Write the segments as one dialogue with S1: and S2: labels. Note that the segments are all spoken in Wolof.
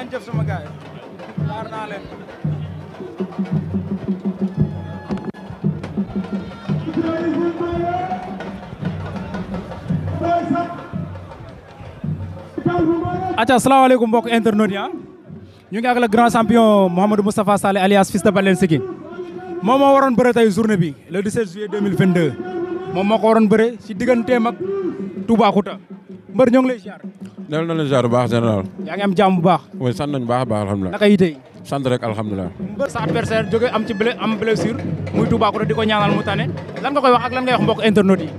S1: ngeen jëf sama mbokk internautes ya ñu ngi ak le grand champion Mouhamadou Moustapha Sallé alias Fils de Balen Siki moom moo waroon bëre tey journée bi le 17 juillet 2022 moom moo ko waroon bëre si digganteem ak Toubacouta mbër ñoo ngi lay ziar
S2: dal na la jaar bu baax général. yaa ngi am bu baax. oui sant nañu baax a baax alhamdulilah. naka yitey. sant rek alhamdulilah.
S1: sa adversaire jóge am ci am blessure muy Toubacouta di ko ñaanal mu tane lan nga koy wax ak lan ngay wax mbokk internet yi.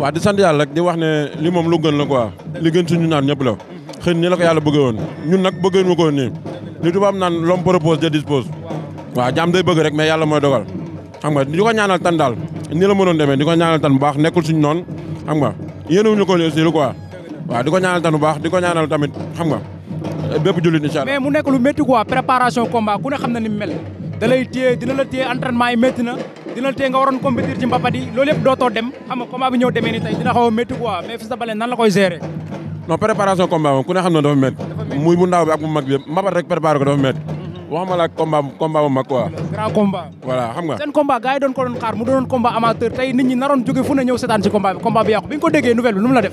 S2: waaw di sant yàlla rek di wax ne li moom lu gën la quoi. li gën ñu naan ñëpp la. xëy ni la ko yàlla bëggee woon ñun nag bëggee ma ko woon nii. li tubaab naan l'homme propose Dieu dispose. waaw jaam day bëgg yàlla mooy dogal. xam nga di ko ñaanal tan daal ni la mënoon demee di ko bu baax nekkul suñu noonu xam nga yéen a wuñu ko quoi waaw di ko ñaanal tan bu baax di ko ñaanal tamit xam nga eh, bépp jullit incha
S1: allah. mu nekk lu métti quoi préparation combat ku ne xam na ni mu mel da lay téye dina la téye entraînement yi métti na dina la téye nga waroon compétir ci mbapat yi loolu yëpp dootoo dem xam nga bi ñëw demee ni tey dina xaw a métti quoi mais nan
S2: la koy gérer. non préparation combat moom na mu mag bi yëpp mbapat rek mhm. la combat combat bu mag quoi. grand combat. voilà xam nga. seen
S1: combat gars yi doon ko doon xaar mu doon la def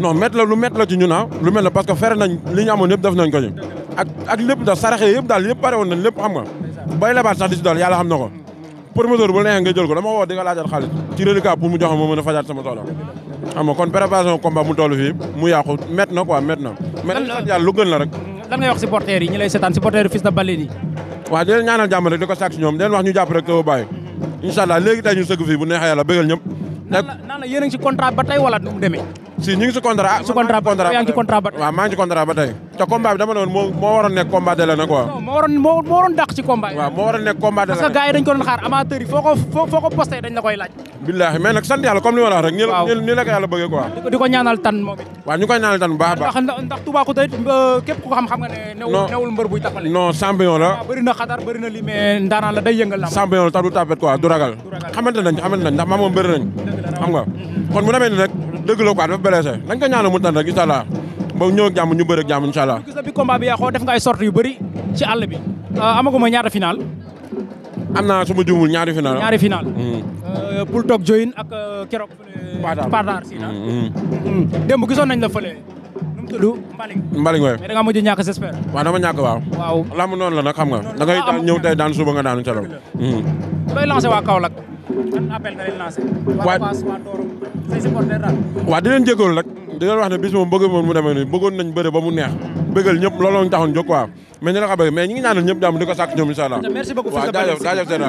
S2: non métti la lu métti la ci ñun ah lu métti la parce que fere nañ li ñu amoon def nañ ko ñu ak lépp da saraxe yëpp daal yëpp pare woon nañ lépp xam nga bay lebaat sax di si daal yàlla xam na ko promoteur bu neexee nga jël ko dama woo di nga laajaat xaalis ci reliquat pour mu joxe ma a fajaat sama soxla xam nga kon préparation combat mu toll fii mu yàqu métti na quoi métti na mais yàlla lu gën la rek lan ngay wax yi ñi lay seetaan supporters a ngi ci contrat ba tey wala Signing ci contrat ci contrat yang ci contrat bat wa maa ngi ci contrat ba tey ci combat bi dama non mo moo waroon nekk combat de l'année quoi
S1: moo waroon moo moo waroon dàq ci combat wa mo waron nek ya combat de la parce que gaay dañ ko don xaar amateur yi foko foko posté dañ la koy laaj
S2: billahi mais nak sant yalla comme ni wala rek ni ni la ko yalla bëggee quoi
S1: ah. di ñaanal tan moom it
S2: waaw ñu koy ñaanal tan bu baax baax
S1: ndax ndax tuba ko tay eh, kep ku xam xam nga ne neewul mbeur mbër buy
S2: tapale non champion la ah,
S1: bari na xatar bari na li mais ndaanaan la day yëngal la
S2: champion la tax du tapet quoi ah. du ragal xamante nañ xamante ndax ma mo mbeur nañ xam nga kon mu demee nak dëgg la quoi ba blessé lañ ko ñaanu mu tan rek inshallah ba ñëw ak jàmm ñu bëre ak jamm inshallah gis na bi combat bi ya xoo def nga ay sorte yu
S1: bëri ci all bi. Euh, ma ñaara final.
S2: amna naa jumul ñaari final. ñaari final. Hmm.
S1: euh pour tok join ak euh, keroog. Pataar Pataar Sina. démb gisoon nañ la fële.
S2: nu mu Mbaling. Mbaling way
S1: mais da ngaa mujj ñak j'espère.
S2: wa dama ñak waaw. waaw lamb non la nak xam nga. da ngay ñew tay daan suba nga daanu ca hmm bay lancer wa kaolak
S1: ban appel nga leen lancé. waa Fass waa Dóoróo say supporters daal.
S2: waaw di leen jégalu rek di wax ne bis moom bëggoon mu demee nii bëggoon nañ bëre ba mu neex. bëggal ñëpp ñu taxoon quoi mais ñu la ko bëgg mais ngi ñaanal ñëpp ñoom merci beaucoup jaajëf jaajëf jaajëf.